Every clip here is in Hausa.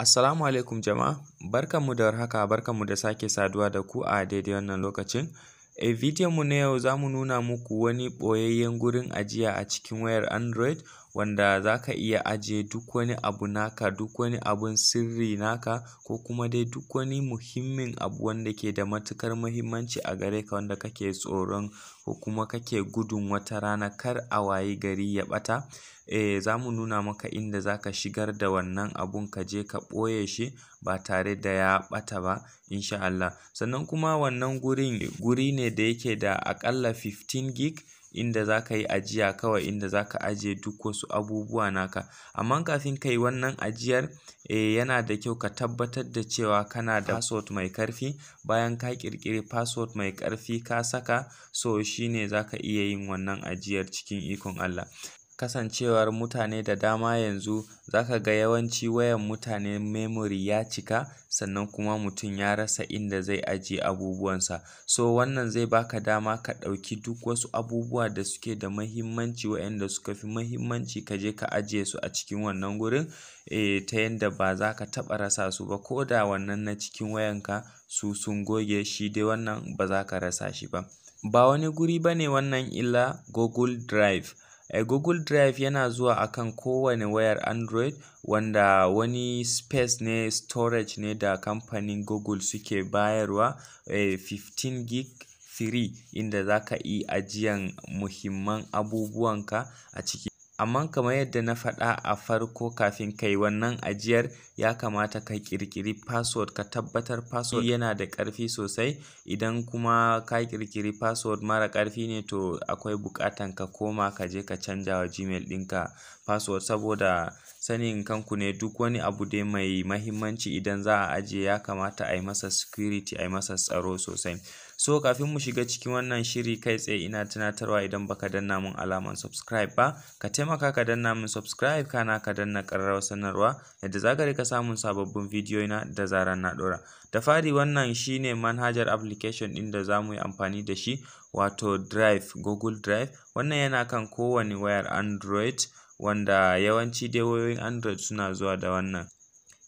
Assalamu alaikum jama'a, barkanmu da warhaka, barkanmu da sake saduwa da ku a daidai wannan lokacin. A eh, video mu na yau za mu nuna muku wani ɓoyayyen gurin ajiya a cikin wayar Android wanda za ka iya ajiye duk wani abu naka, duk wani abun sirri naka ko kuma dai duk wani muhimmin abu wanda ke da matukar muhimmanci a gare ka wanda kake tsoron ko kuma kake gudun wata rana kar a wayi gari ya ɓata. Eh, za mu nuna maka inda za ka shigar da wannan abun ka je ka ɓoye shi ba tare da ya ɓata ba insha'allah Allah. Sannan kuma wannan gurin guri ne da yake da akalla fifteen gig. inda za ka yi ajiya kawai inda za ka ajiye duk wasu abubuwa naka. Amma kafin ka yi wannan ajiyar, eh yana da kyau ka tabbatar da cewa kana da password mai karfi Bayan ka ƙirƙiri password mai karfi ka saka so shine za ka iya yin wannan ajiyar cikin ikon Allah. Kasancewar mutane da dama yanzu za ka ga yawanci wayan mutane memory ya cika sannan kuma mutum ya rasa inda zai ajiye abubuwansa. So wannan zai baka dama ka ɗauki duk wasu abubuwa da suke da mahimmanci wayanda suka fi mahimmanci ka je ka ajiye su a cikin wannan gurin, eh ta yanda ba za ka taɓa rasa su ba. Ko da wannan na cikin wayanka su sun goge shi dai wannan ba za ka rasa shi ba. Ba wani guri ba ne wannan illa Google Drive. Eh, Google Drive yana zuwa akan kowane wayar Android wanda wani space ne storage ne da kamfanin Google suke bayarwa e eh, 15 gig free inda zaka yi ajiyan muhimman abubuwan ka a ciki. Amma kamar yadda na faɗa a farko kafin kai wannan ajiyar ya kamata ka ƙirƙiri password ka tabbatar password yana da ƙarfi sosai. Idan kuma ka ƙirƙiri password mara ƙarfi ne to akwai buƙatan ka koma ka je ka canja wa Gmail ɗinka password saboda. sanin kanku ne duk wani abu dai mai mahimmanci idan za a ajiye ya kamata a yi masa security a yi masa tsaro sosai. So kafin mu shiga cikin wannan shiri kai tsaye ina tunatarwa idan baka danna mun alaman subscribe ba ka taimaka ka danna mun subscribe kana ka danna ƙararrawa sanarwa yadda za ka rika samun sababbin bidiyo na da zaran na ɗora. Da fari wannan shine manhajar application din da za mu yi amfani da shi wato Drive Google Drive wannan yana kan kowane wayar Android wanda yawanci dai wayoyin Android suna zuwa da wannan.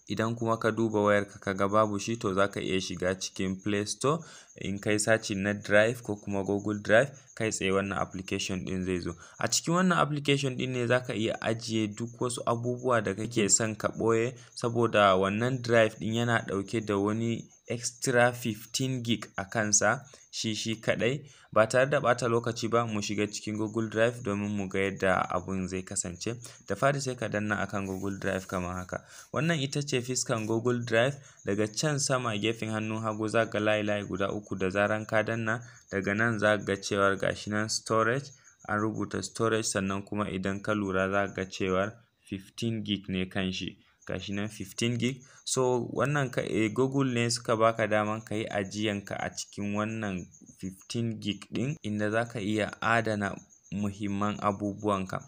Idan kuma ka duba wayarka ka ga babu shi to zaka iya shiga cikin Play Store in kai saci na Drive ko kuma Google Drive kai tsaye wannan application din zai zo. A cikin wannan application din ne za ka iya ajiye duk wasu abubuwa da kake son ka ɓoye saboda wannan Drive din yana ɗauke da wani extra 15 gig a kansa shi shi kaɗai ba tare da bata lokaci ba mu shiga cikin google drive domin mu ga yadda abun zai kasance da fari sai ka danna akan google drive kamar haka wannan ita ce fiskan google drive daga can sama gefen hannu hagu za ga layi layi guda uku da zaran ka danna daga nan za ga cewar gashi nan storage an rubuta storage sannan kuma idan ka lura za ga cewar 15 gig ne kan shi gashi nan 15 gig so wannan ka eh, google ne suka baka daman ka yi ajiyanka a cikin wannan 15 gig din inda za ka iya adana muhimman abubuwanka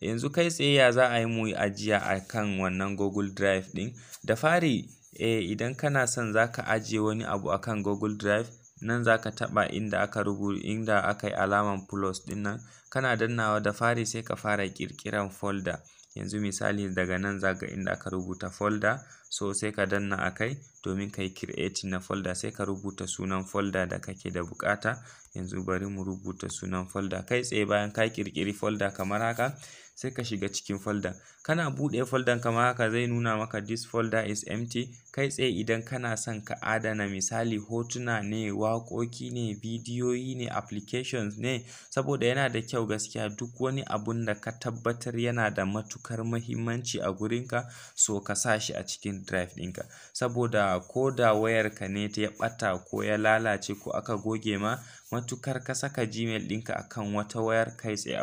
yanzu kai tsaye ya za a yi mu ajiya a kan wannan google drive din da fari eh, idan kana son za ka ajiye wani abu a kan google drive nan za ka taɓa inda aka rubu inda aka yi alaman plus din nan kana dannawa da fari sai ka fara ƙirƙiran folda yanzu misali daga nan za ka inda aka rubuta folda so sai ka danna a kai domin ka yi creating na folda, sai ka rubuta sunan folda da kake da bukata, yanzu bari mu rubuta sunan folda kai tsaye bayan ka ƙirƙiri folda kamar haka sai ka shiga cikin folder kana buɗe folder kamar haka zai nuna maka this folder is empty kai tsaye idan kana son ka adana misali hotuna ne waƙoƙi ne bidiyoyi ne applications ne saboda yana da kyau gaskiya duk wani abun da ka tabbatar yana da matukar muhimmanci a gurinka so ka sa shi a cikin drive ɗinka saboda ko da wayarka ne ta ya ɓata ko ya lalace ko aka goge ma matukar ka saka Gmail ɗinka akan wata wayar kai tsaye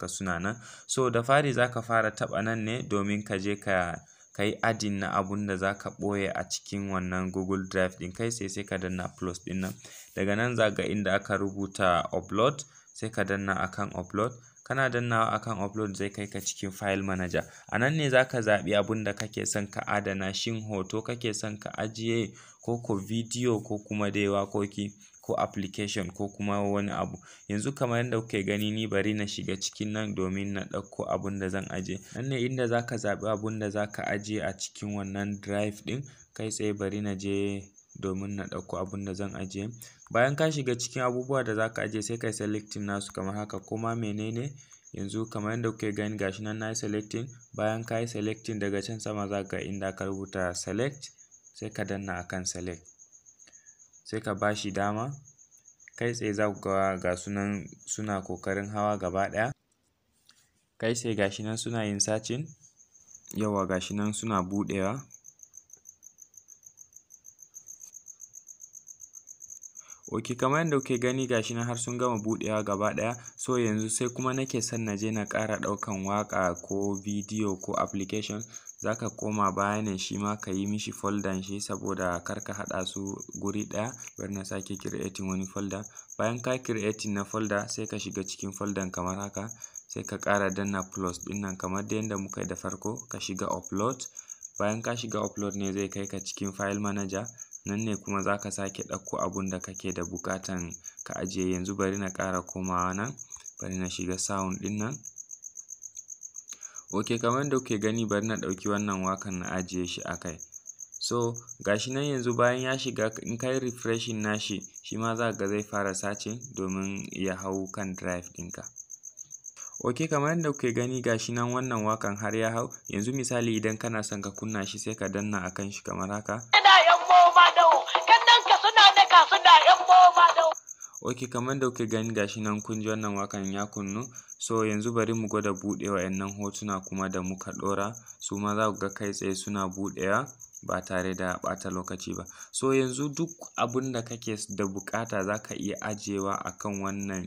ka suna nan. So da fari za ka fara taɓa nan ne domin ka je ka kai adin na abun da za ka ɓoye a cikin wannan Google Drive ɗin kai sai sai ka danna plus ɗin nan. Daga nan za inda aka rubuta upload sai ka danna akan upload. Kana dannawa akan upload zai kai ka cikin file manager. A nan ne za ka zaɓi abun da kake son ka adana shin hoto kake son ka ajiye ko ko video ko kuma dai waƙoƙi. ko application ko kuma wani abu. Yanzu kamar yadda kuke gani ni bari na shiga cikin nan domin na ɗauko abun da zan ajiye. Nan ne inda zaka ka zaɓi abun da zaka ka ajiye a cikin wannan drive ɗin. Kai tsaye bari na je domin na ɗauko abun da zan ajiye. Bayan ka shiga cikin abubuwa da zaka ka ajiye sai ka yi selecting nasu kamar haka ko ma mene ne. Yanzu kamar yadda kuke gani ga shi nan na yi selecting. Bayan ka yi selecting daga can sama za ka ga inda aka rubuta select sai ka danna a kan select. sai ka ba shi dama kai tsaye za ku ga ga sunan suna ƙoƙarin hawa gaba ɗaya kai tsaye ga shi nan suna yin sacin yawa ga shi nan suna buɗewa ok kamar yadda kuke gani gashi nan har sun gama buɗewa gaba ɗaya so yanzu sai kuma nake son na je na ƙara ɗaukan waƙa ko bidiyo ko application zaka koma baya ne shi ma ka yi mishi folder shi saboda kar ka haɗa su guri ɗaya bari na sake creating wani folder bayan ka creating na folder sai ka shiga cikin folder kamar haka sai ka ƙara danna plus ɗin nan kamar da yadda muka yi da farko ka shiga upload bayan ka shiga upload ne zai kai ka cikin file manager nan ne kuma za ka sake ɗauko abun da kake da buƙatan ka ajiye yanzu bari na ƙara komawa nan bari na shiga sound ɗin nan ok kamar yadda kuke gani bari na ɗauki wannan wakan na ajiye shi a kai so shi nan yanzu bayan ya shiga in ka yi refreshing nashi shi ma za ga zai fara searching domin ya hau kan drive ɗinka ok kamar yadda kuke gani shi nan wannan wakan har ya hau yanzu misali idan kana son ka kunna shi sai ka danna akan shi kamar haka ok kamar da kuke gani gashi nan kun ji wannan wakan ya kunnu so yanzu bari mu gwada buɗe yannan hotuna kuma da muka ɗora su ma za ga kai tsaye suna buɗewa ba tare da ɓata lokaci ba so yanzu duk abun da kake da buƙata za ka iya ajiyewa akan wannan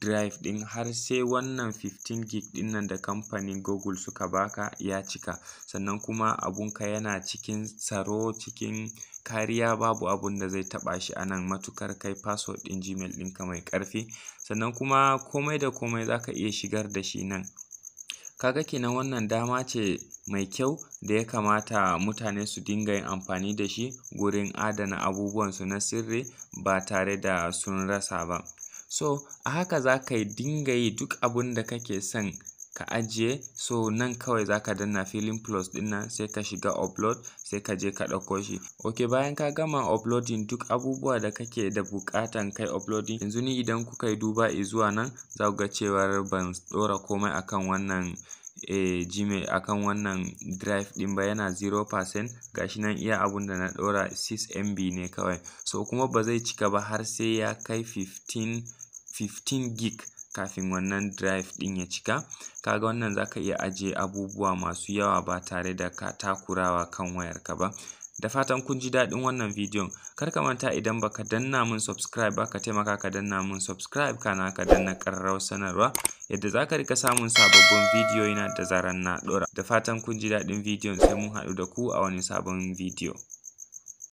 drive ɗin har sai wannan 15 gig ɗin nan da kamfanin google suka baka ya cika sannan kuma abunka yana cikin tsaro cikin kariya babu abun da zai taɓa shi a nan matuƙar kai password ɗin gmail ɗinka mai ƙarfi sannan kuma komai da komai za ka iya shigar da shi nan kaga kenan wannan dama ce mai kyau da ya kamata mutane su dinga yin amfani da shi gurin adana abubuwansu na sirri ba tare da sun rasa ba so a haka za ka dinga yi duk abun da kake son ka ajiye so nan kawai zaka danna filin plus din nan sai ka shiga upload sai ka je ka ɗauko shi ok bayan ka gama uploading duk abubuwa da kake da buƙatan kai uploading yanzu ni idan kuka yi duba izuwa nan za ku ga cewar ban ɗora komai akan wannan eh, a gmail akan wannan drive din ba yana 0% gashi nan iya abun da na ɗora 6 mb ne kawai so kuma ba zai cika ba har sai ya kai 15 15 gig kafin wannan drive ɗin ya cika kaga wannan zaka iya ajiye abubuwa masu yawa ba tare da ka takurawa kan wayar ka ba da fatan kun ji daɗin wannan bidiyon kar ka manta idan baka danna min subscribe ba ka taimaka ka danna min subscribe kana ka danna ƙararrawar sanarwa yadda zaka rika samun sababbin bidiyoyina da zaran na ɗora da fatan kun ji daɗin bidiyon sai mun haɗu da ku a wani sabon bidiyo